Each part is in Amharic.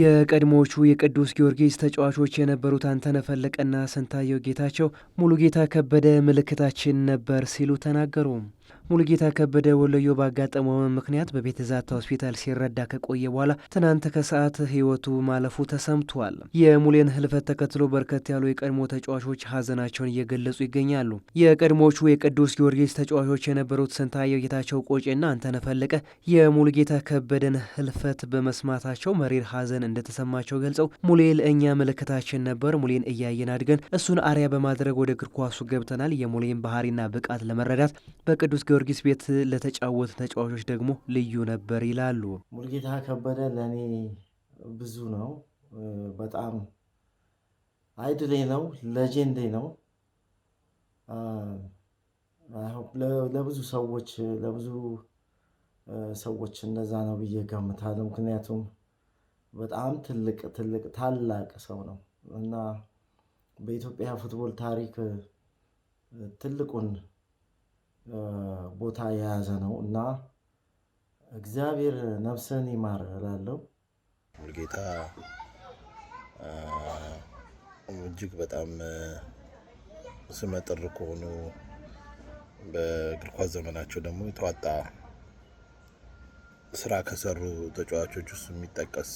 የቀድሞዎቹ የቅዱስ ጊዮርጊስ ተጫዋቾች የነበሩት አንተነ ፈለቀና ስንታየው ጌታቸው ሙሉ ጌታ ከበደ ምልክታችን ነበር ሲሉ ተናገሩ። ሙሉጌታ ከበደ ወሎዮ ባጋጠመው ምክንያት በቤተዛታ ሆስፒታል ሲረዳ ከቆየ በኋላ ትናንት ከሰዓት ህይወቱ ማለፉ ተሰምቷል። የሙሌን ህልፈት ተከትሎ በርከት ያሉ የቀድሞ ተጫዋቾች ሀዘናቸውን እየገለጹ ይገኛሉ። የቀድሞቹ የቅዱስ ጊዮርጊስ ተጫዋቾች የነበሩት ስንታየው ጌታቸው ቆጬና አንተነህ ፈለቀ የሙሉጌታ ከበደን ህልፈት በመስማታቸው መሪር ሀዘን እንደተሰማቸው ገልጸው ሙሌ ለእኛ ምልክታችን ነበር። ሙሌን እያየን አድገን እሱን አሪያ በማድረግ ወደ እግር ኳሱ ገብተናል። የሙሌን ባህሪና ብቃት ለመረዳት በቅዱስ ጊዮርጊስ ቤት ለተጫወቱ ተጫዋቾች ደግሞ ልዩ ነበር ይላሉ። ሙልጌታ ከበደ ለእኔ ብዙ ነው። በጣም አይድሌ ነው፣ ለጀንዴ ነው። ለብዙ ሰዎች ለብዙ ሰዎች እንደዛ ነው ብዬ ገምታለሁ። ምክንያቱም በጣም ትልቅ ትልቅ ታላቅ ሰው ነው እና በኢትዮጵያ ፉትቦል ታሪክ ትልቁን ቦታ የያዘ ነው እና እግዚአብሔር ነፍስን ይማር እላለሁ። ሙሉጌታ እጅግ በጣም ስመጥር ከሆኑ በእግር ኳስ ዘመናቸው ደግሞ የተዋጣ ስራ ከሰሩ ተጫዋቾች ውስጥ የሚጠቀስ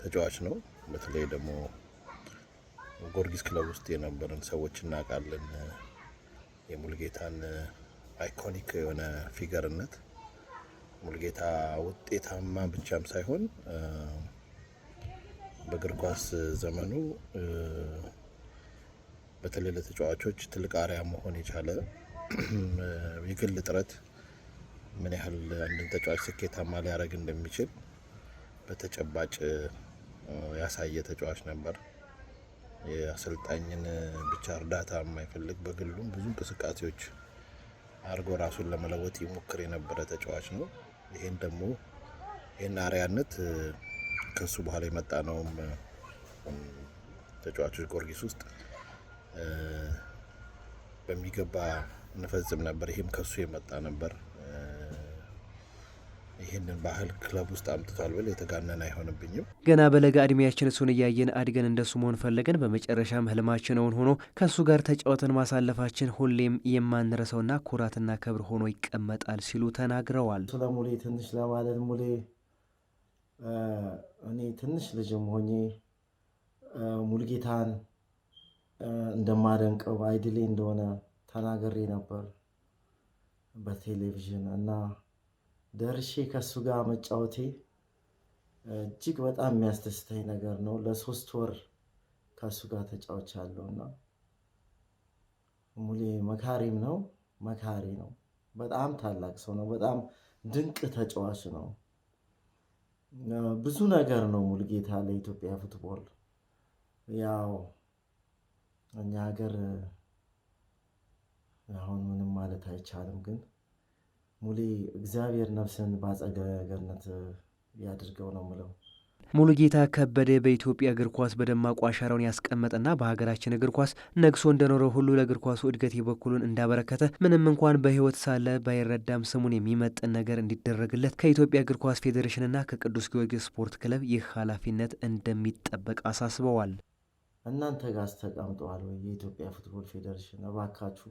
ተጫዋች ነው። በተለይ ደግሞ ጎርጊስ ክለብ ውስጥ የነበርን ሰዎች እናውቃለን። የሙልጌታን አይኮኒክ የሆነ ፊገርነት ሙልጌታ ውጤታማ ብቻም ሳይሆን በእግር ኳስ ዘመኑ በተለይ ለተጫዋቾች ትልቅ አርያ መሆን የቻለ የግል ጥረት ምን ያህል አንድን ተጫዋች ስኬታማ ሊያደርግ እንደሚችል በተጨባጭ ያሳየ ተጫዋች ነበር። የአሰልጣኝን ብቻ እርዳታ የማይፈልግ በግሉም ብዙ እንቅስቃሴዎች አድርጎ ራሱን ለመለወጥ ይሞክር የነበረ ተጫዋች ነው። ይህን ደግሞ ይህን አርያነት ከሱ በኋላ የመጣ ነውም ተጫዋቾች ጊዮርጊስ ውስጥ በሚገባ እንፈጽም ነበር። ይህም ከሱ የመጣ ነበር። ይህንን ባህል ክለብ ውስጥ አምጥቷል ብል የተጋነን አይሆንብኝም። ገና በለጋ እድሜያችን እሱን እያየን አድገን እንደሱ መሆን ፈለገን። በመጨረሻም ህልማችን እውን ሆኖ ከእሱ ጋር ተጫወተን ማሳለፋችን ሁሌም የማንረሰውና ኩራትና ክብር ሆኖ ይቀመጣል ሲሉ ተናግረዋል። ስለ ሙሌ ትንሽ ለማለት ሙሌ እኔ ትንሽ ልጅም ሆኜ ሙልጌታን እንደማደንቀው አይድሌ እንደሆነ ተናግሬ ነበር በቴሌቪዥን እና ደርሼ ከእሱ ጋር መጫወቴ እጅግ በጣም የሚያስደስተኝ ነገር ነው። ለሶስት ወር ከእሱ ጋር ተጫውቻለሁ እና ሙሌ መካሪም ነው መካሪ ነው። በጣም ታላቅ ሰው ነው። በጣም ድንቅ ተጫዋች ነው። ብዙ ነገር ነው ሙልጌታ ለኢትዮጵያ ፉትቦል ያው እኛ ሀገር አሁን ምንም ማለት አይቻልም ግን ሙሌ እግዚአብሔር ነፍስን በአጸደ ገነት ያድርገው ነው ምለው። ሙሉጌታ ከበደ በኢትዮጵያ እግር ኳስ በደማቁ አሻራውን ያስቀመጠና በሀገራችን እግር ኳስ ነግሶ እንደኖረ ሁሉ ለእግር ኳሱ እድገት የበኩሉን እንዳበረከተ ምንም እንኳን በሕይወት ሳለ ባይረዳም ስሙን የሚመጥን ነገር እንዲደረግለት ከኢትዮጵያ እግር ኳስ ፌዴሬሽንና ከቅዱስ ጊዮርጊስ ስፖርት ክለብ ይህ ኃላፊነት እንደሚጠበቅ አሳስበዋል። እናንተ ጋር ተቀምጠዋል ወይ የኢትዮጵያ ፉትቦል ፌዴሬሽን? እባካችሁ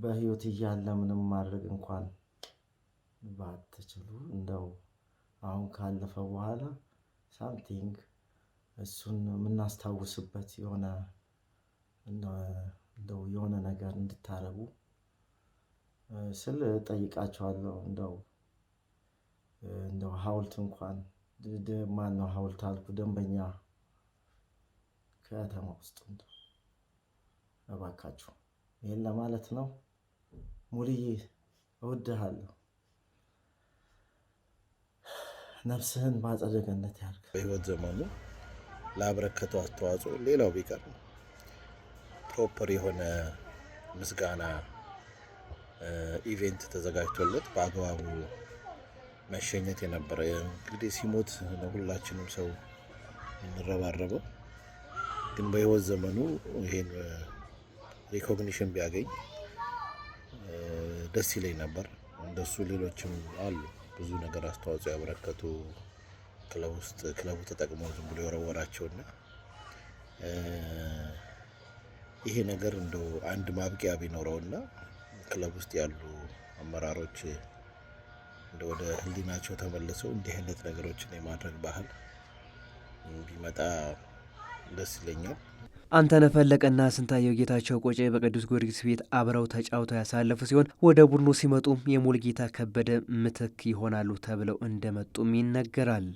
በህይወት እያለ ምንም ማድረግ እንኳን ባትችሉ እንደው አሁን ካለፈ በኋላ ሳምቲንግ እሱን የምናስታውስበት የሆነ እንደው የሆነ ነገር እንድታረጉ ስል ጠይቃቸዋለሁ። እንደው እንደው ሀውልት እንኳን ማን ነው ሀውልት አልኩ ደንበኛ ከተማ ውስጥ እንደው እባካችሁ ይህን ለማለት ነው። ሙልዬ እወድሃለሁ። ነፍስህን በአጸደ ገነት በህይወት ዘመኑ ላበረከተው አስተዋጽኦ ሌላው ቢቀር ፕሮፐር የሆነ ምስጋና ኢቬንት ተዘጋጅቶለት በአግባቡ መሸኘት የነበረ እንግዲህ ሲሞት ነው ሁላችንም ሰው የምንረባረበው፣ ግን በህይወት ዘመኑ ይሄን ሪኮግኒሽን ቢያገኝ ደስ ይለኝ ነበር። እንደሱ ሌሎችም አሉ ብዙ ነገር አስተዋጽኦ ያበረከቱ ክለብ ውስጥ ክለቡ ተጠቅሞ ዝም ብሎ የወረወራቸውና ይሄ ነገር እንደው አንድ ማብቂያ ቢኖረውና ክለብ ውስጥ ያሉ አመራሮች እንደ ወደ ህሊናቸው ተመልሰው እንዲህ አይነት ነገሮችን የማድረግ ባህል ቢመጣ ደስ ይለኛል። አንተነህ ፈለቀና ስንታየው ጌታቸው ቆጨ በቅዱስ ጊዮርጊስ ቤት አብረው ተጫውተው ያሳለፉ ሲሆን ወደ ቡድኑ ሲመጡም ጌታ ከበደ ምትክ ይሆናሉ ተብለው እንደመጡም ይነገራል።